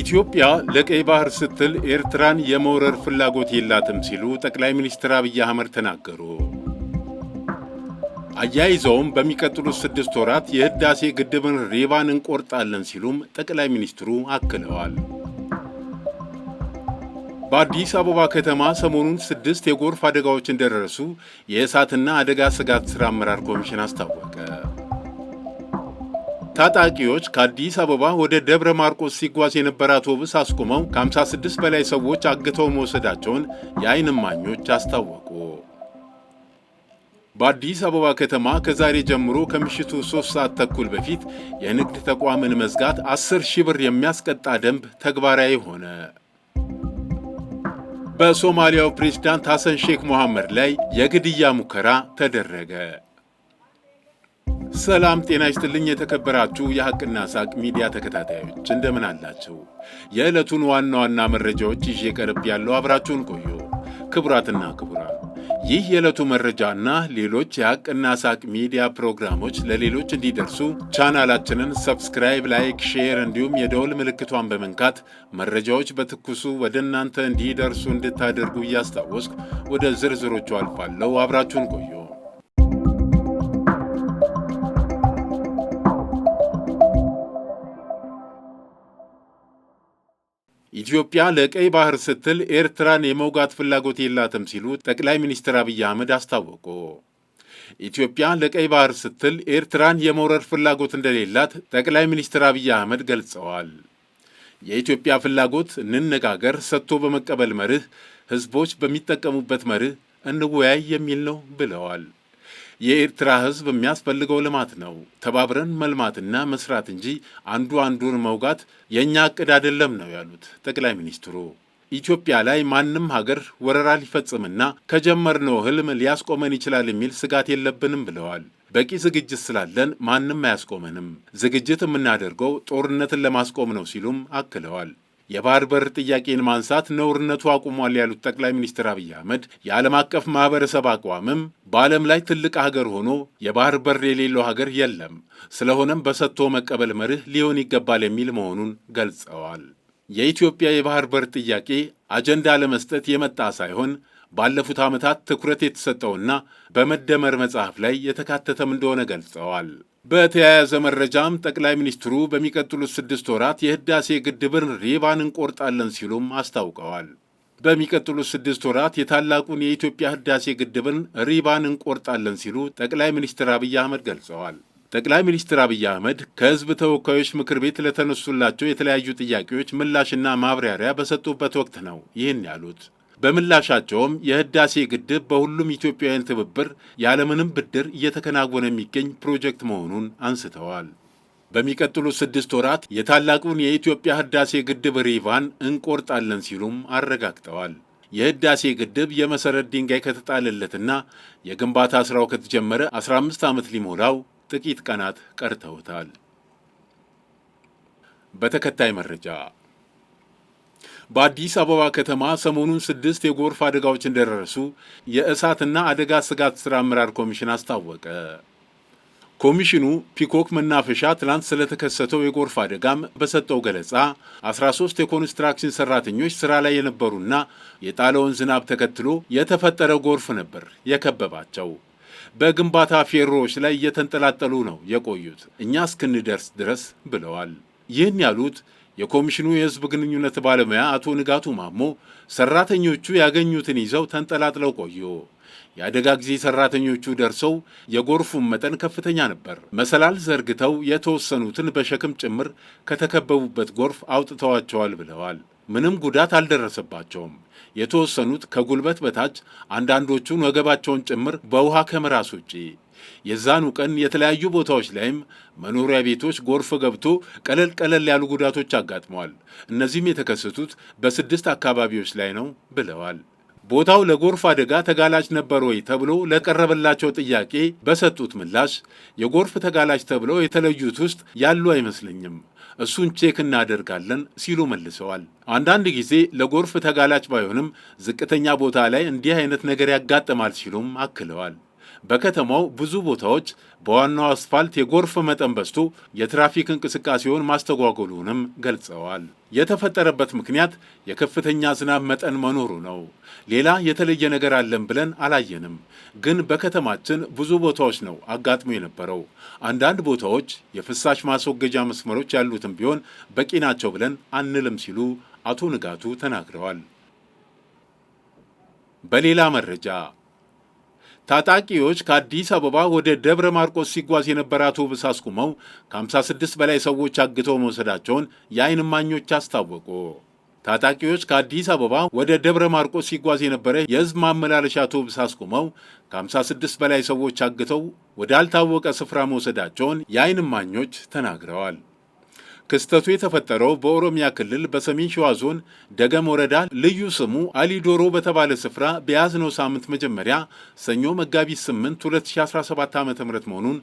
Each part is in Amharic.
ኢትዮጵያ ለቀይ ባህር ስትል ኤርትራን የመውረር ፍላጎት የላትም ሲሉ ጠቅላይ ሚኒስትር አብይ አህመድ ተናገሩ። አያይዘውም በሚቀጥሉት ስድስት ወራት የህዳሴ ግድብን ሪባን እንቆርጣለን ሲሉም ጠቅላይ ሚኒስትሩ አክለዋል። በአዲስ አበባ ከተማ ሰሞኑን ስድስት የጎርፍ አደጋዎች እንደደረሱ የእሳትና አደጋ ስጋት ሥራ አመራር ኮሚሽን አስታወቀ። ታጣቂዎች ከአዲስ አበባ ወደ ደብረ ማርቆስ ሲጓዝ የነበረ አውቶቡስ አስቁመው ከ56 በላይ ሰዎች አግተው መውሰዳቸውን የዓይን እማኞች አስታወቁ። በአዲስ አበባ ከተማ ከዛሬ ጀምሮ ከምሽቱ 3 ሰዓት ተኩል በፊት የንግድ ተቋምን መዝጋት 10 ሺህ ብር የሚያስቀጣ ደንብ ተግባራዊ ሆነ። በሶማሊያው ፕሬዝዳንት ሐሰን ሼክ መሐመድ ላይ የግድያ ሙከራ ተደረገ። ሰላም ጤና ይስጥልኝ። የተከበራችሁ የሐቅና ሳቅ ሚዲያ ተከታታዮች እንደምን አላችሁ? የዕለቱን ዋና ዋና መረጃዎች ይዤ ቀርብ ያለው አብራችሁን ቆዩ። ክቡራትና ክቡራን፣ ይህ የዕለቱ መረጃና ሌሎች የሐቅና ሳቅ ሚዲያ ፕሮግራሞች ለሌሎች እንዲደርሱ ቻናላችንን ሰብስክራይብ፣ ላይክ፣ ሼር እንዲሁም የደውል ምልክቷን በመንካት መረጃዎች በትኩሱ ወደ እናንተ እንዲደርሱ እንድታደርጉ እያስታወስኩ ወደ ዝርዝሮቹ አልፋለሁ። አብራችሁን ቆዩ። ኢትዮጵያ ለቀይ ባህር ስትል ኤርትራን የመውጋት ፍላጎት የላትም ሲሉ ጠቅላይ ሚኒስትር አብይ አህመድ አስታወቁ። ኢትዮጵያ ለቀይ ባህር ስትል ኤርትራን የመውረር ፍላጎት እንደሌላት ጠቅላይ ሚኒስትር አብይ አህመድ ገልጸዋል። የኢትዮጵያ ፍላጎት እንነጋገር፣ ሰጥቶ በመቀበል መርህ፣ ህዝቦች በሚጠቀሙበት መርህ እንወያይ የሚል ነው ብለዋል። የኤርትራ ህዝብ የሚያስፈልገው ልማት ነው። ተባብረን መልማትና መስራት እንጂ አንዱ አንዱን መውጋት የእኛ እቅድ አይደለም ነው ያሉት ጠቅላይ ሚኒስትሩ። ኢትዮጵያ ላይ ማንም ሀገር ወረራ ሊፈጽምና ከጀመርነው ህልም ሊያስቆመን ይችላል የሚል ስጋት የለብንም ብለዋል። በቂ ዝግጅት ስላለን ማንም አያስቆመንም። ዝግጅት የምናደርገው ጦርነትን ለማስቆም ነው ሲሉም አክለዋል። የባህር በር ጥያቄን ማንሳት ነውርነቱ አቁሟል ያሉት ጠቅላይ ሚኒስትር አብይ አህመድ የዓለም አቀፍ ማህበረሰብ አቋምም በዓለም ላይ ትልቅ ሀገር ሆኖ የባህር በር የሌለው ሀገር የለም፣ ስለሆነም በሰጥቶ መቀበል መርህ ሊሆን ይገባል የሚል መሆኑን ገልጸዋል። የኢትዮጵያ የባህር በር ጥያቄ አጀንዳ ለመስጠት የመጣ ሳይሆን ባለፉት ዓመታት ትኩረት የተሰጠውና በመደመር መጽሐፍ ላይ የተካተተም እንደሆነ ገልጸዋል። በተያያዘ መረጃም ጠቅላይ ሚኒስትሩ በሚቀጥሉት ስድስት ወራት የህዳሴ ግድብን ሪባን እንቆርጣለን ሲሉም አስታውቀዋል። በሚቀጥሉት ስድስት ወራት የታላቁን የኢትዮጵያ ህዳሴ ግድብን ሪባን እንቆርጣለን ሲሉ ጠቅላይ ሚኒስትር አብይ አህመድ ገልጸዋል። ጠቅላይ ሚኒስትር አብይ አህመድ ከህዝብ ተወካዮች ምክር ቤት ለተነሱላቸው የተለያዩ ጥያቄዎች ምላሽና ማብራሪያ በሰጡበት ወቅት ነው ይህን ያሉት። በምላሻቸውም የህዳሴ ግድብ በሁሉም ኢትዮጵያውያን ትብብር ያለምንም ብድር እየተከናወነ የሚገኝ ፕሮጀክት መሆኑን አንስተዋል። በሚቀጥሉት ስድስት ወራት የታላቁን የኢትዮጵያ ህዳሴ ግድብ ሪቫን እንቆርጣለን ሲሉም አረጋግጠዋል። የህዳሴ ግድብ የመሠረት ድንጋይ ከተጣለለትና የግንባታ ስራው ከተጀመረ 15 ዓመት ሊሞላው ጥቂት ቀናት ቀርተውታል። በተከታይ መረጃ በአዲስ አበባ ከተማ ሰሞኑን ስድስት የጎርፍ አደጋዎች እንደደረሱ የእሳትና አደጋ ስጋት ስራ አመራር ኮሚሽን አስታወቀ። ኮሚሽኑ ፒኮክ መናፈሻ ትናንት ስለተከሰተው የጎርፍ አደጋም በሰጠው ገለጻ 13 የኮንስትራክሽን ሰራተኞች ስራ ላይ የነበሩና የጣለውን ዝናብ ተከትሎ የተፈጠረ ጎርፍ ነበር የከበባቸው። በግንባታ ፌሮዎች ላይ እየተንጠላጠሉ ነው የቆዩት እኛ እስክንደርስ ድረስ ብለዋል። ይህን ያሉት የኮሚሽኑ የህዝብ ግንኙነት ባለሙያ አቶ ንጋቱ ማሞ ሰራተኞቹ ያገኙትን ይዘው ተንጠላጥለው ቆዩ። የአደጋ ጊዜ ሰራተኞቹ ደርሰው የጎርፉን መጠን ከፍተኛ ነበር። መሰላል ዘርግተው የተወሰኑትን በሸክም ጭምር ከተከበቡበት ጎርፍ አውጥተዋቸዋል ብለዋል። ምንም ጉዳት አልደረሰባቸውም። የተወሰኑት ከጉልበት በታች አንዳንዶቹን ወገባቸውን ጭምር በውሃ ከመራስ ውጪ የዛኑ ቀን የተለያዩ ቦታዎች ላይም መኖሪያ ቤቶች ጎርፍ ገብቶ ቀለል ቀለል ያሉ ጉዳቶች አጋጥመዋል። እነዚህም የተከሰቱት በስድስት አካባቢዎች ላይ ነው ብለዋል። ቦታው ለጎርፍ አደጋ ተጋላጭ ነበር ወይ ተብሎ ለቀረበላቸው ጥያቄ በሰጡት ምላሽ የጎርፍ ተጋላጭ ተብለው የተለዩት ውስጥ ያሉ አይመስለኝም፣ እሱን ቼክ እናደርጋለን ሲሉ መልሰዋል። አንዳንድ ጊዜ ለጎርፍ ተጋላጭ ባይሆንም ዝቅተኛ ቦታ ላይ እንዲህ አይነት ነገር ያጋጥማል ሲሉም አክለዋል። በከተማው ብዙ ቦታዎች በዋናው አስፋልት የጎርፍ መጠን በዝቶ የትራፊክ እንቅስቃሴውን ማስተጓጎሉንም ገልጸዋል። የተፈጠረበት ምክንያት የከፍተኛ ዝናብ መጠን መኖሩ ነው። ሌላ የተለየ ነገር አለን ብለን አላየንም፣ ግን በከተማችን ብዙ ቦታዎች ነው አጋጥሞ የነበረው። አንዳንድ ቦታዎች የፍሳሽ ማስወገጃ መስመሮች ያሉትም ቢሆን በቂ ናቸው ብለን አንልም ሲሉ አቶ ንጋቱ ተናግረዋል። በሌላ መረጃ ታጣቂዎች ከአዲስ አበባ ወደ ደብረ ማርቆስ ሲጓዝ የነበረ አውቶቡስ አስቁመው ከ56 በላይ ሰዎች አግተው መውሰዳቸውን የአይን እማኞች አስታወቁ። ታጣቂዎች ከአዲስ አበባ ወደ ደብረ ማርቆስ ሲጓዝ የነበረ የህዝብ ማመላለሻ አውቶቡስ አስቁመው ከ56 በላይ ሰዎች አግተው ወዳልታወቀ ስፍራ መውሰዳቸውን የአይን እማኞች ተናግረዋል። ክስተቱ የተፈጠረው በኦሮሚያ ክልል በሰሜን ሸዋ ዞን ደገም ወረዳ ልዩ ስሙ አሊዶሮ በተባለ ስፍራ በያዝነው ሳምንት መጀመሪያ ሰኞ መጋቢት 8 2017 ዓ ም መሆኑን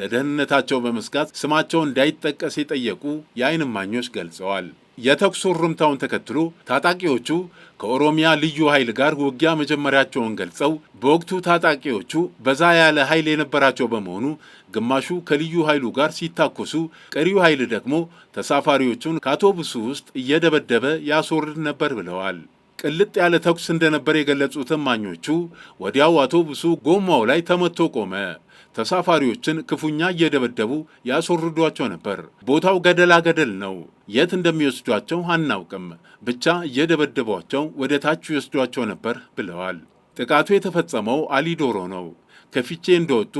ለደህንነታቸው በመስጋት ስማቸው እንዳይጠቀስ የጠየቁ የአይን እማኞች ገልጸዋል። የተኩስ ሩምታውን ተከትሎ ታጣቂዎቹ ከኦሮሚያ ልዩ ኃይል ጋር ውጊያ መጀመሪያቸውን ገልጸው በወቅቱ ታጣቂዎቹ በዛ ያለ ኃይል የነበራቸው በመሆኑ ግማሹ ከልዩ ኃይሉ ጋር ሲታኮሱ፣ ቀሪው ኃይል ደግሞ ተሳፋሪዎቹን ከአውቶቡሱ ውስጥ እየደበደበ ያስወርድ ነበር ብለዋል። ቅልጥ ያለ ተኩስ እንደነበር የገለጹት እማኞቹ ወዲያው አውቶቡሱ ጎማው ላይ ተመቶ ቆመ። ተሳፋሪዎችን ክፉኛ እየደበደቡ ያስወርዷቸው ነበር። ቦታው ገደላ ገደል ነው። የት እንደሚወስዷቸው አናውቅም፣ ብቻ እየደበደቧቸው ወደ ታች ይወስዷቸው ነበር ብለዋል። ጥቃቱ የተፈጸመው አሊዶሮ ነው። ከፊቼ እንደወጡ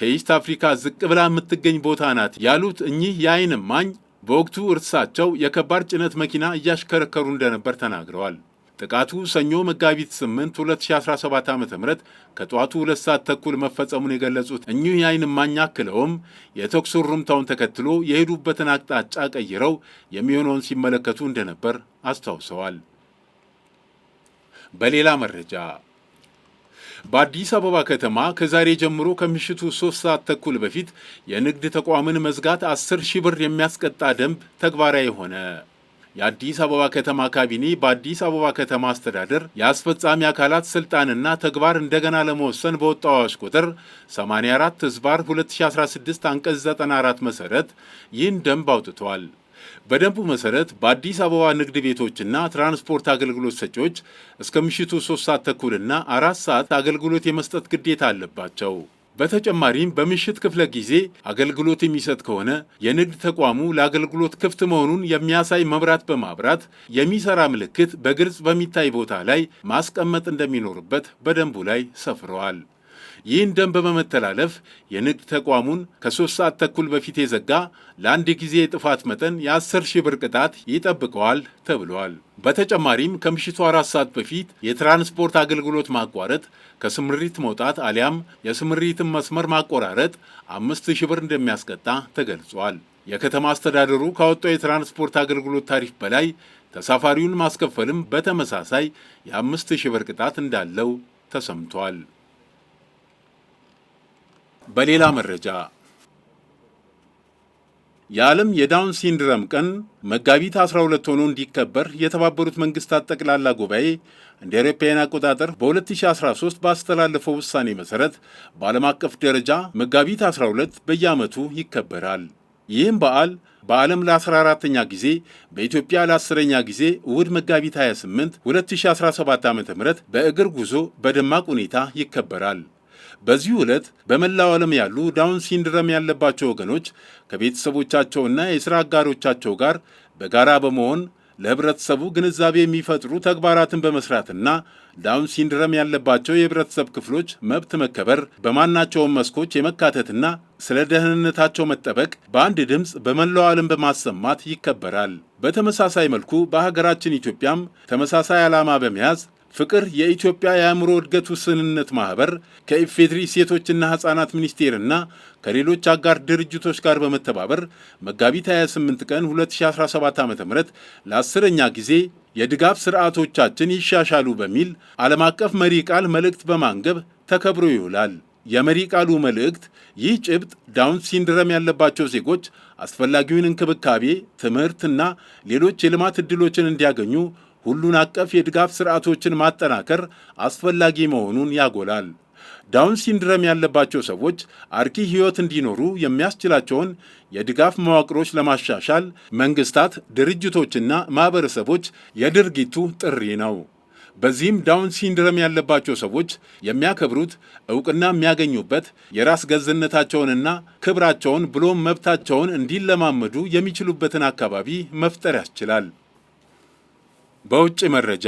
ከኢስት አፍሪካ ዝቅ ብላ የምትገኝ ቦታ ናት ያሉት እኚህ የአይን እማኝ በወቅቱ እርሳቸው የከባድ ጭነት መኪና እያሽከረከሩ እንደነበር ተናግረዋል። ጥቃቱ ሰኞ መጋቢት 8 2017 ዓ ም ከጠዋቱ ሁለት ሰዓት ተኩል መፈጸሙን የገለጹት እኚህ የአይን እማኝ አክለውም የተኩስ ሩምታውን ተከትሎ የሄዱበትን አቅጣጫ ቀይረው የሚሆነውን ሲመለከቱ እንደነበር አስታውሰዋል። በሌላ መረጃ በአዲስ አበባ ከተማ ከዛሬ ጀምሮ ከምሽቱ ሶስት ሰዓት ተኩል በፊት የንግድ ተቋምን መዝጋት አስር ሺህ ብር የሚያስቀጣ ደንብ ተግባራዊ ሆነ። የአዲስ አበባ ከተማ ካቢኔ በአዲስ አበባ ከተማ አስተዳደር የአስፈጻሚ አካላት ስልጣንና ተግባር እንደገና ለመወሰን በወጣው አዋጅ ቁጥር 84 ህዝባር 2016 አንቀጽ 94 መሠረት ይህን ደንብ አውጥቷል። በደንቡ መሠረት በአዲስ አበባ ንግድ ቤቶችና ትራንስፖርት አገልግሎት ሰጪዎች እስከ ምሽቱ 3 ሰዓት ተኩልና አራት ሰዓት አገልግሎት የመስጠት ግዴታ አለባቸው። በተጨማሪም በምሽት ክፍለ ጊዜ አገልግሎት የሚሰጥ ከሆነ የንግድ ተቋሙ ለአገልግሎት ክፍት መሆኑን የሚያሳይ መብራት በማብራት የሚሰራ ምልክት በግልጽ በሚታይ ቦታ ላይ ማስቀመጥ እንደሚኖርበት በደንቡ ላይ ሰፍረዋል። ይህን ደንብ በመተላለፍ የንግድ ተቋሙን ከሶስት ሰዓት ተኩል በፊት የዘጋ ለአንድ ጊዜ የጥፋት መጠን የ10 ሺህ ብር ቅጣት ይጠብቀዋል ተብሏል። በተጨማሪም ከምሽቱ አራት ሰዓት በፊት የትራንስፖርት አገልግሎት ማቋረጥ፣ ከስምሪት መውጣት አሊያም የስምሪትን መስመር ማቆራረጥ አምስት ሺህ ብር እንደሚያስቀጣ ተገልጿል። የከተማ አስተዳደሩ ካወጣው የትራንስፖርት አገልግሎት ታሪፍ በላይ ተሳፋሪውን ማስከፈልም በተመሳሳይ የአምስት ሺህ ብር ቅጣት እንዳለው ተሰምቷል። በሌላ መረጃ የዓለም የዳውን ሲንድረም ቀን መጋቢት 12 ሆኖ እንዲከበር የተባበሩት መንግስታት ጠቅላላ ጉባኤ እንደ አውሮፓውያን አቆጣጠር በ2013 ባስተላለፈው ውሳኔ መሠረት በዓለም አቀፍ ደረጃ መጋቢት 12 በየዓመቱ ይከበራል። ይህም በዓል በዓለም ለ14ተኛ ጊዜ በኢትዮጵያ ለ10ኛ ጊዜ እሁድ መጋቢት 28 2017 ዓ ም በእግር ጉዞ በደማቅ ሁኔታ ይከበራል። በዚሁ ዕለት በመላው ዓለም ያሉ ዳውን ሲንድረም ያለባቸው ወገኖች ከቤተሰቦቻቸውና የሥራ አጋሮቻቸው ጋር በጋራ በመሆን ለህብረተሰቡ ግንዛቤ የሚፈጥሩ ተግባራትን በመስራትና ዳውን ሲንድረም ያለባቸው የህብረተሰብ ክፍሎች መብት መከበር በማናቸውም መስኮች የመካተትና ስለ ደህንነታቸው መጠበቅ በአንድ ድምፅ በመላው ዓለም በማሰማት ይከበራል። በተመሳሳይ መልኩ በሀገራችን ኢትዮጵያም ተመሳሳይ ዓላማ በመያዝ ፍቅር የኢትዮጵያ የአእምሮ እድገት ውስንነት ማህበር ከኢፌድሪ ሴቶችና ሕፃናት ሚኒስቴርና ከሌሎች አጋር ድርጅቶች ጋር በመተባበር መጋቢት 28 ቀን 2017 ዓ ም ለአስረኛ ጊዜ የድጋፍ ስርዓቶቻችን ይሻሻሉ በሚል ዓለም አቀፍ መሪ ቃል መልእክት በማንገብ ተከብሮ ይውላል። የመሪ ቃሉ መልእክት ይህ ጭብጥ ዳውን ሲንድረም ያለባቸው ዜጎች አስፈላጊውን እንክብካቤ፣ ትምህርትና ሌሎች የልማት ዕድሎችን እንዲያገኙ ሁሉን አቀፍ የድጋፍ ስርዓቶችን ማጠናከር አስፈላጊ መሆኑን ያጎላል። ዳውን ሲንድረም ያለባቸው ሰዎች አርኪ ሕይወት እንዲኖሩ የሚያስችላቸውን የድጋፍ መዋቅሮች ለማሻሻል መንግስታት፣ ድርጅቶችና ማኅበረሰቦች የድርጊቱ ጥሪ ነው። በዚህም ዳውን ሲንድረም ያለባቸው ሰዎች የሚያከብሩት እውቅና የሚያገኙበት የራስ ገዝነታቸውንና ክብራቸውን ብሎም መብታቸውን እንዲለማመዱ የሚችሉበትን አካባቢ መፍጠር ያስችላል። በውጭ መረጃ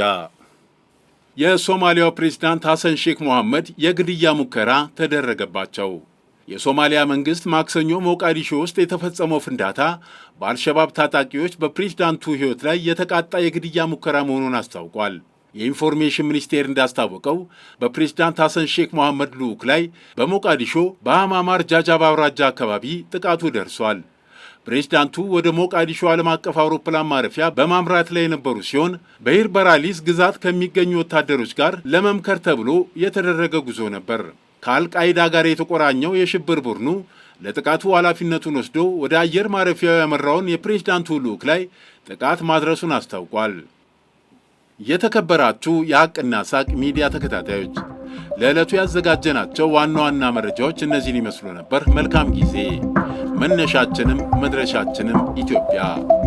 የሶማሊያው ፕሬዝዳንት ሐሰን ሼክ ሞሐመድ የግድያ ሙከራ ተደረገባቸው። የሶማሊያ መንግሥት ማክሰኞ ሞቃዲሾ ውስጥ የተፈጸመው ፍንዳታ በአልሸባብ ታጣቂዎች በፕሬዝዳንቱ ሕይወት ላይ የተቃጣ የግድያ ሙከራ መሆኑን አስታውቋል። የኢንፎርሜሽን ሚኒስቴር እንዳስታወቀው በፕሬዝዳንት ሐሰን ሼክ ሞሐመድ ልዑክ ላይ በሞቃዲሾ በአማማር ጃጃባ አውራጃ አካባቢ ጥቃቱ ደርሷል። ፕሬዚዳንቱ ወደ ሞቃዲሾ ዓለም አቀፍ አውሮፕላን ማረፊያ በማምራት ላይ የነበሩ ሲሆን በራሊስ ግዛት ከሚገኙ ወታደሮች ጋር ለመምከር ተብሎ የተደረገ ጉዞ ነበር። ከአልቃይዳ ጋር የተቆራኘው የሽብር ቡድኑ ለጥቃቱ ኃላፊነቱን ወስዶ ወደ አየር ማረፊያው ያመራውን የፕሬዚዳንቱ ልዑክ ላይ ጥቃት ማድረሱን አስታውቋል። የተከበራችሁ የሐቅና ሳቅ ሚዲያ ተከታታዮች ለዕለቱ ያዘጋጀናቸው ዋና ዋና መረጃዎች እነዚህን ይመስሉ ነበር። መልካም ጊዜ። መነሻችንም መድረሻችንም ኢትዮጵያ